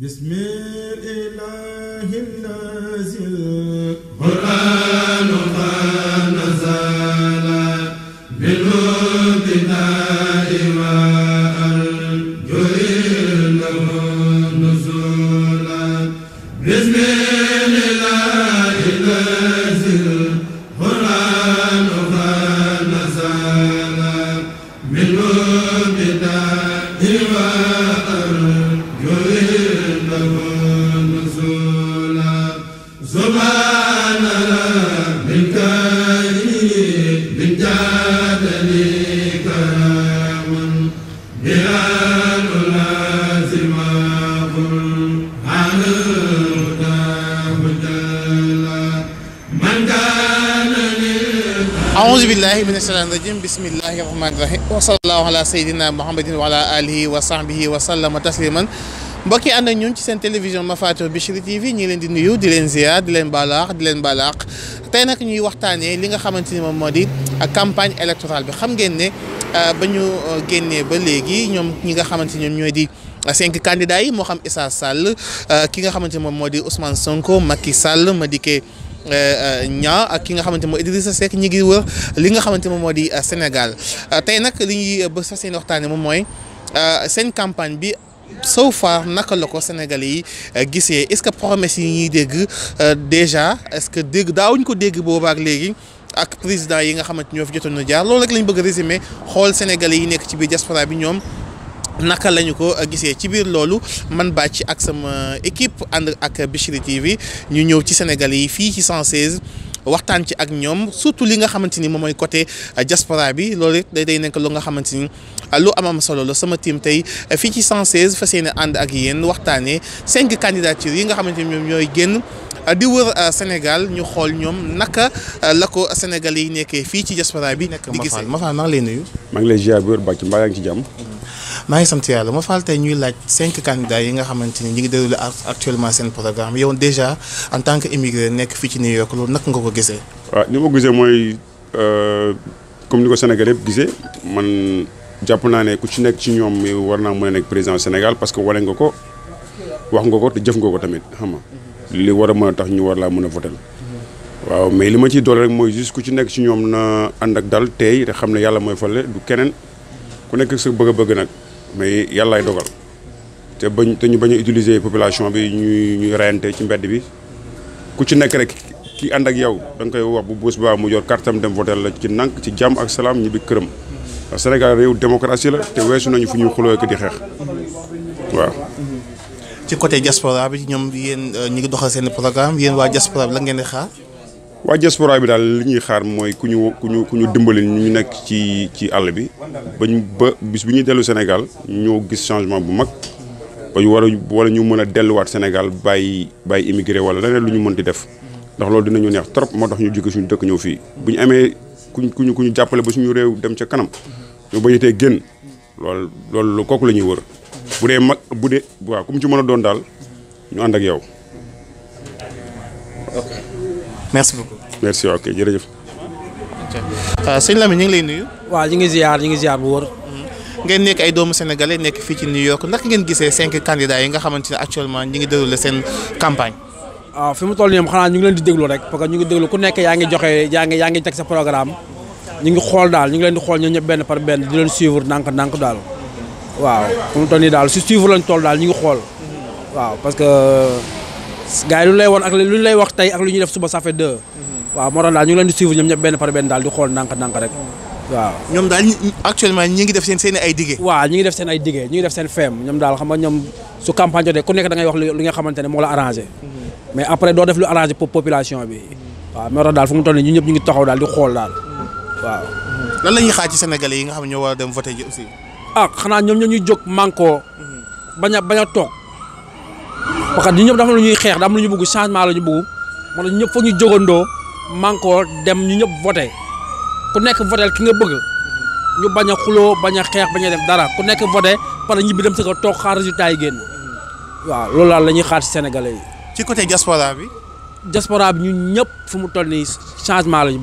بسم الإله النازل قرآن قد نزل بالمبتداء والجر له نزولا بسم الإله النازل قرآن قد نزل بالمبتداء والجر bismillahi rahmaani rahim wa sallallahu ala sayyidina muhammadin wa ala alihi wa sahbihi wa sallama tasliman mbokki ànd ak ñun ci seen télévision Mafaatihul Bichri TV ñi leen di nuyu di leen ziar di leen balaax di leen balaax tey nag ñuy waxtaanee li nga xamante ni moom moo di euh, campagne électorale bi xam ngeen ne euh, ba ñu euh, génnee ba léegi ñoom ñi nga xamante ni ñoom ñooy di cinq candidats yi moo xam Issa Sall ki nga xamante ni moom moo di Ousmane Sonko Macky Sall Madické ñaa ak ki nga xamante mooy Idrissa Seck ñi ngi wër li nga xamante moom moo di euh, Sénégal euh, tey nag li ñuy euh, bës fas yéene waxtaane moom mooy seen campagne bi so far naka la ko Sénégalais yi gisee est-ce que promesse yi ñuy dégg déjà est-ce que dégg daawuñ ko dégg boobaa ak léegi ak président yi nga xamante ñoo fi jotoon na jaar loolu rek lañ bëgg résumer xool Sénégalais yi nekk ci biir diaspora bi ñoom naka lañu ko gisee ci biir loolu man bàcc ak sama équipe ànd ak Bichri TV ñu ñëw ci Sénégal yi fii ci 116 waxtaan ci ak ñoom surtout li nga xamante ni moom mooy côté diaspora bi loolu day day nekk lu nga xamante ni lu amam solo la sama team tey fii ci 116 fas yéene ànd ak yenn waxtaanee cinq candidatures yi nga xamante ni ñoom ñooy génn di wër euh, Sénégal ñu xool ñoom naka euh, la ko Sénégal yi nekkee fii ci diaspora bi. di gisee ma faa maa ngi lay nuyu. maa ngi lay ziar bu wér jàmm. maa ngi sant yàlla moo faal tey ñuy laaj cinq candidats yi nga xamante ni ñu ngi déroulé actuellement seen programme yow déjà en tant que immigré nekk fii ci New York loolu naka nga ko gisee. waaw ah, ni ma ko gisee mooy euh, comme ni ko Sénégal yëpp gisee man jàpp naa ne ku ci nekk ci ñoom war naa mën a nekk président Sénégal parce que wale nga ko wax nga ko te jëf nga ko tamit xam nga li war a mën a tax ñu war laa mën a voté. waaw mais li ma ciy doole rek mooy juste ku ci nekk ci ñoom ànd ak dal tey te xam ne yàlla mooy fale du keneen ku nekk sa bëgg-bëgg nag. mais yàllaay dogal te bañ te ñu bañ a utiliser population bi ñuy ñuy reyante ci mbedd bi ku ci nekk rek ki ànd ak yow da koy wax bu bés baa mu yor kartam dem voter la ci nank ci jàmm ak salaam ñibbi këram parce que Sénégal réew démocratie la te weesu nañu fu ñuy xuloo ak di xeex waaw. ci côté diaspora bi ñoom yéen euh, ñu ngi doxal seen programme yéen waa diaspora bi la ngeen di xaar. waa diaspora bi daal li ñuy xaar mooy ku ñu ku ñu ku ñu dimbali ñu nekk ci ci àll bi bañ ba bis bu ñuy dellu Sénégal ñoo gis changement bu mag ba ñu war a ñu mën a delluwaat Sénégal bàyyi bàyyi immigré wala leneen lu ñu mën di def ndax loolu dinañu neex trop moo tax ñu jóge suñu dëkk ñëw fii bu ñu amee kuñ kuñu ku ñu jàppale ba suñu réew dem ca kanam ñu bañatee génn loolu loolu kooku la ñuy wër bu dee mag bu dee waaw ku mu ci mën a doon daal ñu ànd ak yow merci beaucoup. merci ok jërëjëf. Euh, sëñ Lamine ñu ngi lay nuyu. waaw ñu ngi ziar ñu ngi ziar bu wóor. Mm-hmm. ngeen nekk ay doomu sénégalais nekk fii ci New York naka ngeen gisee cinq candidats yi nga xamante ne actuellement ñu ngi déroulé seen campagne. waaw fi mu toll nii xanaa ñu ngi leen di déglu rek parce que ñu ngi déglu ku nekk yaa ngi joxe yaa ngi yaa ngi teg sa programme ñu ngi xool daal ñu ngi leen di xool ñoom ñëpp benn par benn di leen suivre ndànk ndànk daal. waaw fi mu toll nii daal si suivre lañ toll daal ñu ngi xool. waaw parce que gars yi lu ñu lay wax tey ak lu ñuy def suba ça fait mhm. waaw moo tax daal ñu ngi leen suivre ñoom ñëpp benn par benn daal di xool ndànk-ndànk rek waaw ñoom daal actuellement ñi ngi def seen ay dige waaw ñi ngi def seen ay dige ñi ngi def seen feem ñoom daal xam ñoom mhm. mhm. ñu ñu ngi a dem ah, manko bañ a a parce que ñu ñëpp dafa am lu ñuy xeex dafa am lu ñu bëgg changement la ñu bëgg moo ñëpp foog ñu jógandoo mànkoo dem ñu ñëpp voté ku nekk voté ki nga bëgg ñu bañ a xuloo bañ a xeex bañ a def dara ku nekk voté pare ñibbi dem sa ko toog xaar résultat yi génn waaw loolu daal la ñuy xaar si sénégalais yi. ci côté diaspora bi. diaspora ñëpp fu mu toll nii changement la ñu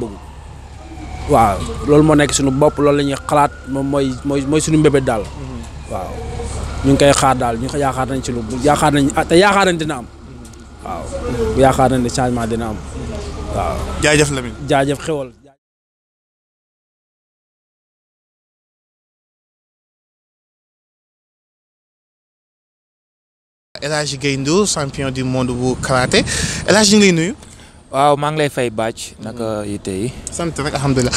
waaw loolu moo nekk suñu bopp loolu la xalaat moom mooy mooy mooy suñu mbébét daal mm-hmm. waaw. ñu ngi koy xaar daal ñu ko yaakaar nañ ci lu yaakaar nañ ah te yaakaar nañ dina am waaw yaakaar nañ ne changement dina waaw. jaajëf Lamine jaajëf xewal. El Hadj Gaye champion du monde bu karaté El ñu lay nuyu. waaw maa ngi lay fay bàcc. naka yitte mm. yi. sant rek alhamdulilah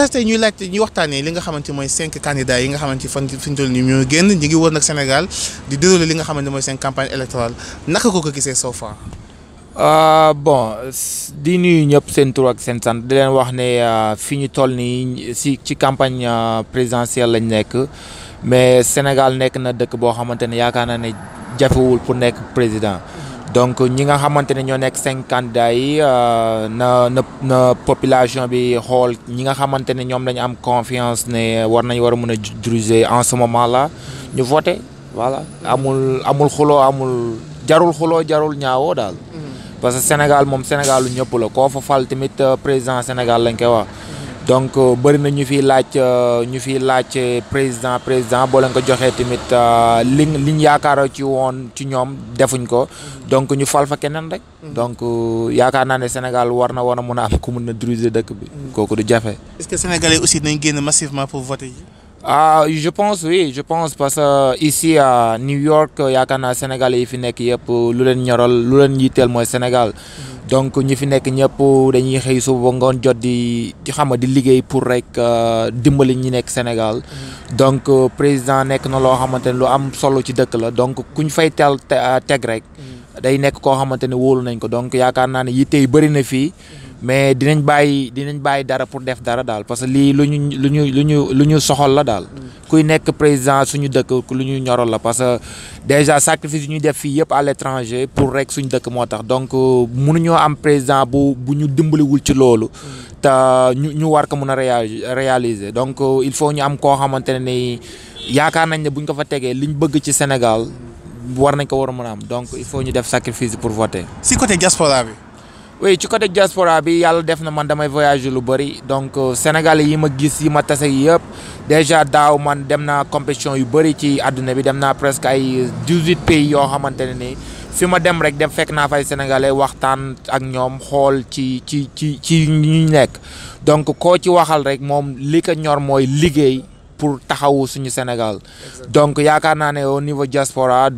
RST euh, ñuy laajte ñu waxtaanee li nga xamante mooy cinq candidats yi nga xamante fan fi ñu toll nii ñoo génn ñu ngi wër nag Sénégal di li nga xamante mooy seen campagne électorale naka ko ko gisee so euh, bon di nuyu ñëpp seen ak seen di leen wax ne euh, fi ñu toll nii si ci campagne présidentielle lañ nekk mais Sénégal nekk na dëkk boo xamante ne yaakaar naa ne jafewul pour nekk président. donc ñi nga xamante ne ñoo nekk cinquante candidats yi euh, na na bi xool ñi nga xamante ne ñoom dañu am confiance ne war nañ war a mën a diriger en ce moment là ñu voté wala amul amul xuloo amul jarul xuloo jarul ñaawo daal. Mm-hmm. parce que Sénégal moom Sénégal lu ñëpp la koo fa fal euh, président Sénégal lañ koy wa donc euh, bëri na ñu fiy laaj euh, ñu fiy laaj président président boo leen ko joxee tamit euh, liñ liñ yaakaaroo ci woon ci ñoom defuñ ko donc ñu fal fa keneen rek. Mm-hmm. donc yaakaar naa ne Sénégal war na war a mun a am ku mun a diriger dëkk bi. Mm-hmm. kooku du jafe. est-ce que sénégalais aussi nañ génn massivement pour voter yi. Ah, je pense oui je pense parce que ici à New York yaakaar naa sénégalais yi fi nekk yëpp lu leen ñoral lu leen yitteel mooy Sénégal. Mm-hmm. donc ñi fi nekk ñëpp dañuy xëy suba ngoon jot di xam nga di liggéey pour rek euh, dimbali ñi nekk Sénégal mm-hmm. donc euh, président nekk na loo xamante ne lu am solo ci dëkk la donc kuñ fay teel euh, teg rek. Mm-hmm. day nekk koo xamante ne wóolu nañ ko donc yaakaar naa ne yitte yi bëri na fii mais dinañ bàyyi dinañ bàyyi dara pour def dara daal parce que lii lu ñu lu ñu lu ñu lu ñu soxal la daal. kuy nekk président suñu dëkk lu ñuy ñoral la parce que déjà sacrifice yu ñuy def fii yëpp à l'étranger pour rek suñu dëkk moo tax donc mënuñoo am président bu bu ñu dimbaliwul ci loolu. te ñu ñu war ko mun a réaliser donc il faut ñu am koo xamante ne ni yaakaar nañ ne buñ ko fa tegee liñ bëgg ci Sénégal. war nañ ko war a mën a am donc il faut ñu def sacrifice pour voter. si côté diaspora bi. ci côté diaspora bi yàlla def na man damay voyager lu bari donc euh, sénégalais yi ma gis yi ma tase yëpp déjà daaw man dem naa compétition yu bëri ci àdduna bi dem naa presque ay dix-huit pays yoo xamante ne ni fi ma dem rek dem fekk naa fay sénégalais waxtaan ak ñoom xool ci ci ci ci ñu nekk donc koo ci waxal rek moom li ko ñor mooy liggéey. pour taxawu suñu Sénégal donc yaakaar naa ne au niveau diaspora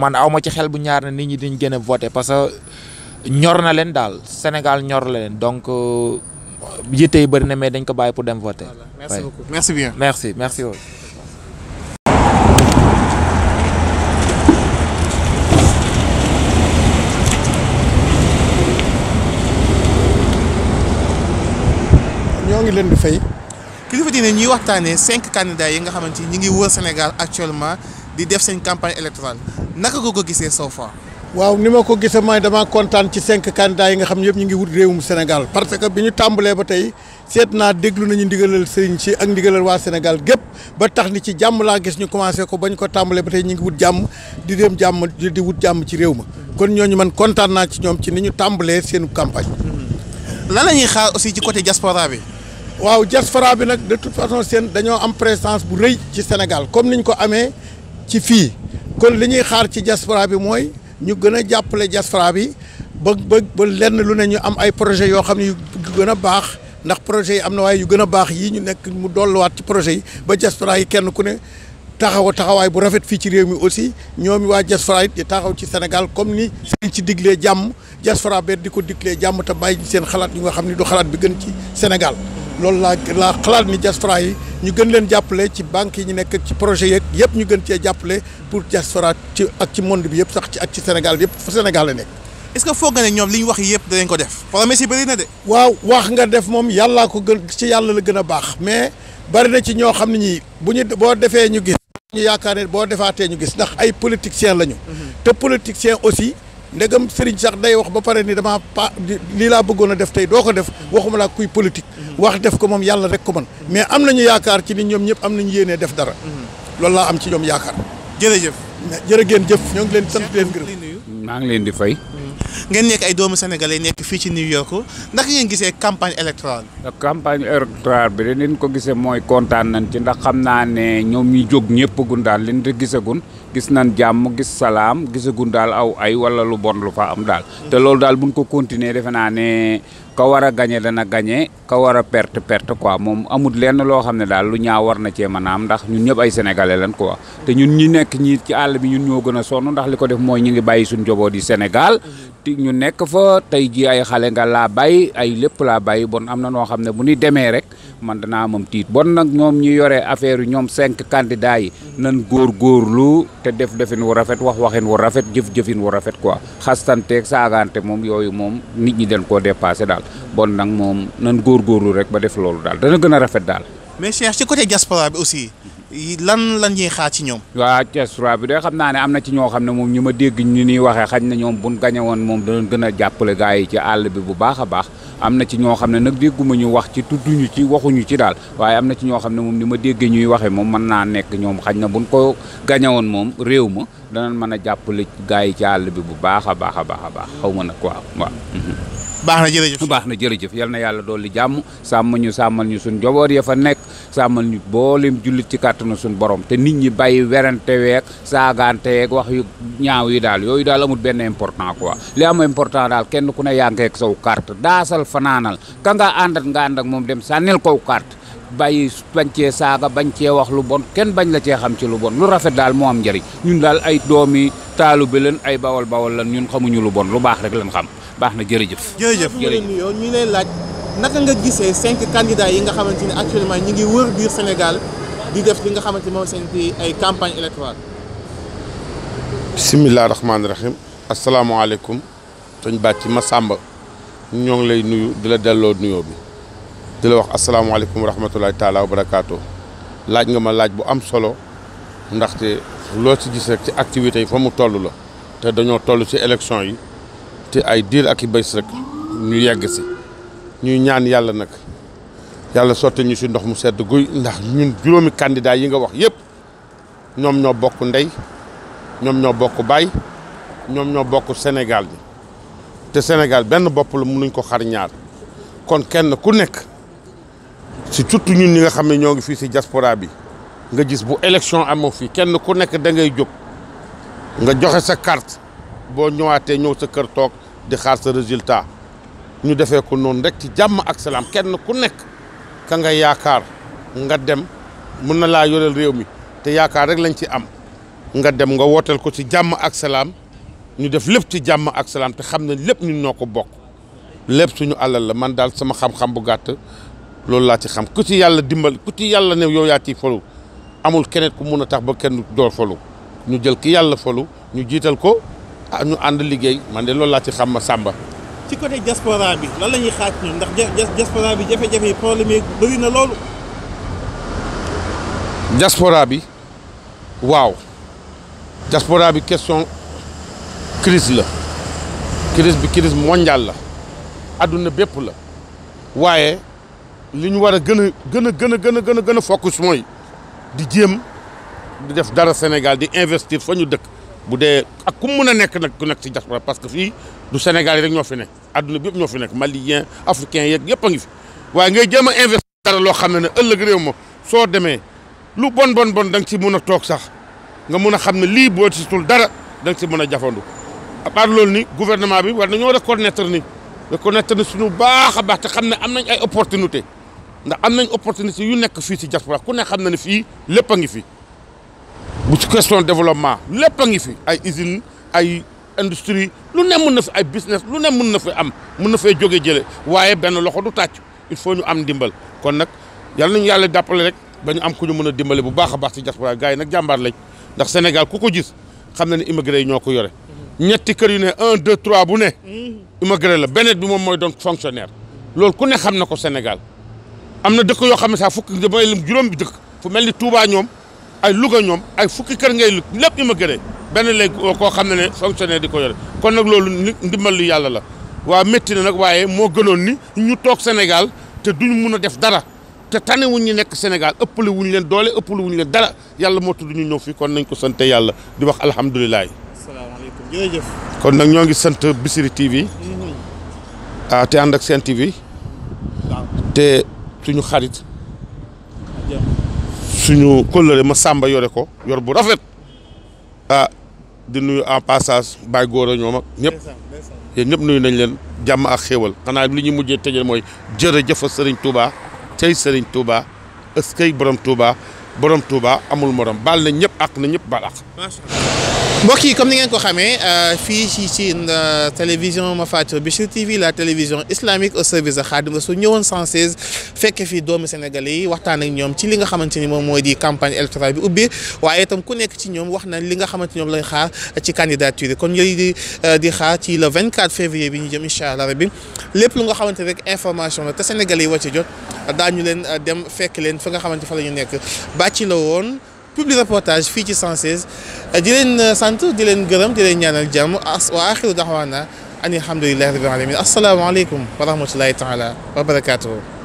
man aw ma ci xel bu ñaar ne nit ñi dañ gën a voté parce que ñor na leen daal Sénégal ñor na leen donc euh, yitte yi bëri na mais dañ ko bàyyi pour dem voté. merci beaucoup merci bien merci ñoo ngi leen di fay. kilifa diine ñuy waxtaanee cinq candidats yi nga xamante ni ñu ngi wër Sénégal actuellement di def seen campagne électorale naka nga ko gisee so far. waaw ni ma ko gisee mooy damaa kontaan ci cinq candidats yi nga xam yëpp ñu ngi wut réewum Sénégal parce que bi ñu tàmbalee ba tey seet naa déglu nañu ndigalal sëriñ si ak ndigalal waa Sénégal gépp ba tax ni ci jàmm laa gis ñu commencé ko ba ñu ko tàmbalee ba tey ñu ngi wut jàmm di dem jàmm di wut jàmm ci réew ma kon ñooñu man kontaan naa ci ñoom ci ni ñu tàmbalee seenu campagne. lan la ñuy xaar aussi ci côté diaspora bi. waaw diaspora bi nag de toute façon seen dañoo am présence bu rëy ci Sénégal comme ni ñu ko amee ci fii kon li ñuy xaar ci diaspora bi mooy ñu gën a jàppale diaspora bi ba ba lenn lu ne ñu am ay projets yoo xam ne yu gën a baax ndax projet yi am na waaye yu gën a baax yii ñu nekk mu dolluwaat ci projet yi ba diaspora yi kenn ku ne taxaw taxawaay bu rafet fii ci réew mi aussi ñoom waa diaspora it di taxaw ci Sénégal comme ni seen ci diglee jàmm diaspora be di ko diglee jàmm te seen xalaat yu nga xam ne du xalaat bi gën ci Sénégal loolu laa laa xalaat ni diaspora yi ñu gën leen jàppale ci banques yi ñu nekk ci projet yeeg yëpp ñu gën cee jàppale pour diaspora ci ak ci monde bi yëpp sax ci ak ci Sénégal yëpp fu Sénégal la nekk. est-ce que foog ne ñoom li ñu wax yëpp dañ ko def promesse yi bëri na de. waaw wax nga def moom yàllaa ko gën ci yàlla la gën a baax mais bari na ci ñoo xam ne ñii bu ñu boo defee ñu gis. ñu yaakaar ne boo defaatee ñu gis ndax ay politiciens lañu. Mhm. te politiciens aussi. ndegam Serigne sax day wax ba pare ni damaa pa lii laa bëggoon a def tey doo ko def waxuma laa kuy politique. Mhm. wax def ko moom yàlla rek ko man mhm. mais am na ñu yaakaar ci ni ñoom ñëpp am nañu yéenee def dara. Mhm. loolu laa am ci ñoom yaakaar. jërëjëf. jërë ngeen jëf ñoo ngi leen sant leen gërëm. maa ngi leen di fay. ngeen nekk ay doomu sénégalais nekk fii ci New York ndax ngeen gisee campagne électorale bi. campagne électorale bi dañ ko gisee mooy kontaan nañ ci ndax xam naa ne ñoom ñi jóg ñëpp gun daal liñ di gun gis nañ jàmm gis salaam gisagun daal aw ay wala lu bon lu fa am daal. Mm. te loolu daal buñ ko continuer defe naa ne. ka war a gañe dana gañe ka war perte perte quoi moom amul lenn loo xam ne daal lu ñaaw war na cee mën a am ndax ñun ñëpp ay sénégalais lan quoi te ñun ñi nekk ñii ci àll bi ñun ñoo gën a sonn ndax li ko def mooy ñu ngi bàyyi suñu njaboot yi senegal te ñu nekk fa tey ji ay xale nga laa bàyyi ay lépp laa bàyyi bon am na noo xam ne bu nu demee rek man danaa moom tiit bon nag ñoom ñu yore affaire yu ñoom cinq candidats yi nan góor góorlu te def defin wu rafet wax waxin wu rafet jëf jëfin wu rafet quoi xastanteeg saagaante moom yooyu moom nit ñi dañ koo dépassé daal bon nag moom nan góorgóorlu rek ba def loolu daal dana gën a rafet daal. mais Cheikh ci côté diaspora bi aussi lan lan ñuy xaar ci ñoom. waa diaspora bi de xam naa ne am na ci ñoo xam ne moom ñu ma dégg ñu ñuy waxee xañ na ñoom buñ moom dana gën a jàppale gars yi ci àll bi bu baax a baax am na ci ñoo xam ne nag dégguma ñu wax ci tudduñu ci waxuñu ci daal waaye am na ci ñoo xam ne moom ni ma déggee ñuy waxee moom mën naa nekk ñoom xañ na buñ ko gañe moom réew ma danañ mën a jàppale gars yi ci àll bi bu baax a baax a baax a baax xaw ma nag waaw waaw. baax na jërëjëf baax na jërëjëf yal na yàlla dool dolli jàmm sàmm ñu sàmmal ñu suñ njaboot ya fa nekk sàmmal ñu booleem jullit ci kàttanu suñ borom te nit ñi bay werante week saagaante yeeg wax yu ñaaw yi daal yooyu daal amul benn important quoi li am important daal kenn ku ne yaa ngi ak saw carte daasal fanaanal ka nga nga ànd ak moom dem sànnil kow carte bay bañ cee saaga bañ cee wax lu bon kenn bañ la cee xam ci lu bon lu rafet daal moo am njëriñ ñun daal ay doomi taalu bi leen ay bawal bawal lan ñun xamuñu lu bon lu baax rek lañ xam baax na jërëjëf. jërëjëf ñu ñu lay laaj naka nga gisee cinq candidats yi nga xamante ni actuellement ñu ngi wër biir Sénégal di def li nga xamante moom seen ci ay campagne électorale bisimilah rahmaani rahim asalaamaaleykum sëñ Bàcci Massamba ñoo ngi lay nuyu di la delloo nuyoo bi di la wax asalaamaaleykum wa rahmatulahi taala wa barakaatu laaj nga ma laaj bu am solo ndaxte loo ci gis rek ci activités yi fa mu toll la te dañoo toll ci élection yi diggante ay diir ak i bés rek ñu yegg si ñuy ñaan yàlla nag yàlla sotti ñu si ndox mu sedd guy ndax ñun juróomi candidat yi nga wax yépp ñoom ñoo bokk ndey ñoom ñoo bokk bay ñoom ñoo bokk Sénégal bi te Sénégal benn bopp la mënuñ ko xarñaar kon kenn ku nekk si surtout ñun ñi nga xam ne ñoo ngi fii si diaspora bi nga gis bu élection amoo fii kenn ku nekk da ngay jóg nga joxe sa kart boo ñëwaatee ñëw sa kër toog di xaar sa résultat ñu defee ko noonu rek ci jàmm ak salaam kenn ku nekk ka nga yaakaar nga dem mën na laa yoreel réew mi te yaakaar rek lañ ci am nga dem nga wooteel ko ci jàmm ak salaam ñu def lépp ci jàmm ak salaam te xam ne lépp ñun noo ko bokk lépp suñu allal la man daal sama xam-xam bu gàtt loolu laa ci xam ku ci yàlla dimbal ku ci yàlla ne yow yaa ciy falu amul keneen ku mun a tax ba kenn door falu ñu jël ki yàlla falu ñu jiital ko ah ñu ànd liggéey man de loolu laa ci xam ma sàmba ci côté diaspora bi lan la ñuy xaaj ñoom ndax diaspora bi jafe-jafe yi problème na loolu. jasporaa bi waaw jasporaa bi question crise la crise bi kiris mondiale la adduna bépp la waaye li ñu war a gën a gën a gën a gën a gën a focus mooy di jéem di def dara Sénégal di investir fa ñu dëkk. bu dee ak ku mun a nekk nag ku nekk ci diaspora parce que fii du Sénégal yi rek ñoo fi nekk adduna bi yëpp ñoo fi nekk malien africain yeeg yëpp ngi fi waaye ngay jéem a investir dara loo xam ne ne ëllëg réew ma soo demee lu bon bon bon da nga ci mun a toog sax nga mun a xam ne lii boo situl dara da nga mën a jafandu à part ni gouvernement bi war nañoo reconnaître ni reconnaître ni suñu baax a baax te xam ne am nañ ay opportunité ndax am nañ opportunité yu nekk fii ci diaspora ku ne xam na ne fii lépp a ngi fi bu ci question développement lépp a ngi fi ay usine ay industrie lu ne mën na fi ay business lu ne mën na fi am mën na fay jóge jële waaye benn loxo du tàcc il faut ñu am dimbal kon nag yal nañu yàlla jàppale rek ba ñu am ku ñu mën a dimbale bu baax a baax ci diaspora gars yi nag jàmbaar lañ ndax Sénégal ku ko gis xam na ne immigré yi ñoo ko yore ñetti kër yu ne un deux trois bu ne immigré la beneen bi moom mooy doon fonctionnaire loolu ku ne xam na ko Sénégal am na dëkk yoo xam ne sax fukk damay lim juróom bi dëkk fu mel ni Touba ñoom ay luga ñoom ay fukki kër ngay lépp ma immigré benn léegi koo xam ne ne fonctionnaire di ko yore kon nag loolu ndimbal li yàlla la waa metti na nag waaye moo gënoon ni ñu toog senegal te duñ mun a def dara te tane wuñ ñu nekk Sénégal ëppale wuñ leen doole ëppale wuñ leen dara yàlla moo tudd ñu ñëw fii kon nañ ko sante yàlla di wax alhamdulilah. salaamaaleykum jërëjëf. kon nag ñoo ngi sant Bichri TV. Mhm. ah te ànd ak seen TV. te suñu xarit. suñu kóllëre ma sàmba yore ko yor bu rafet a ah, di nuyu en passage bàyyi góor a ñoom ak ñëpp ñëpp nuyu nañ leen jàmm ak xéewal xanaa li ñu mujjee tëjal mooy jërëjëfa sëriñ Touba tey sëriñ Touba ëskay borom Touba borom Touba amul morom baal na ñëpp ak na ñëpp baal ak mbokk yi comme ni ngeen ko xamee euh, fii ci ci euh, télévision bi Bichri TV la télévision islamique au service de Khadim Rassoul ñëwoon 116 fekke fii doomu Sénégalais yi waxtaan ak ñoom ci li nga xamante ni moom mooy di campagne électorale bi ubbi waaye itam ku nekk ci ñoom wax na li nga xamante ñoom lañ xaar ci candidature yi kon yooyu di euh, di xaar ci le 24 février bi ñu jëm incha allah rabbi lépp lu nga xamante rek information la te Sénégalais yi war ci jot leen dem fekk leen fi nga xamante fa la ñu nekk bàcci la woon. public reportage fii ci 116 euh, di leen euh, sant di leen gërëm di leen ñaanal jàmm wa axiru daxwaana ani alhamdulilahi rabbil alamin asalaamaaleykum wa rahmatullahi taala wa barakatuhu